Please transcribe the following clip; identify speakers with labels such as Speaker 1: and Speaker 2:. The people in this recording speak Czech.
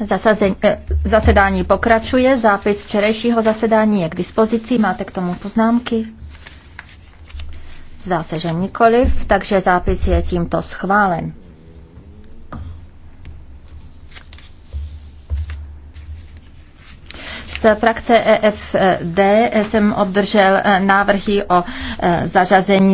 Speaker 1: eh, zasedání pokračuje, zápis včerejšího zasedání je k dispozici, máte k tomu poznámky? Zdá se, že nikoliv, takže zápis je tímto schválen. Z frakce EFD jsem obdržel eh, návrhy o eh, zařazení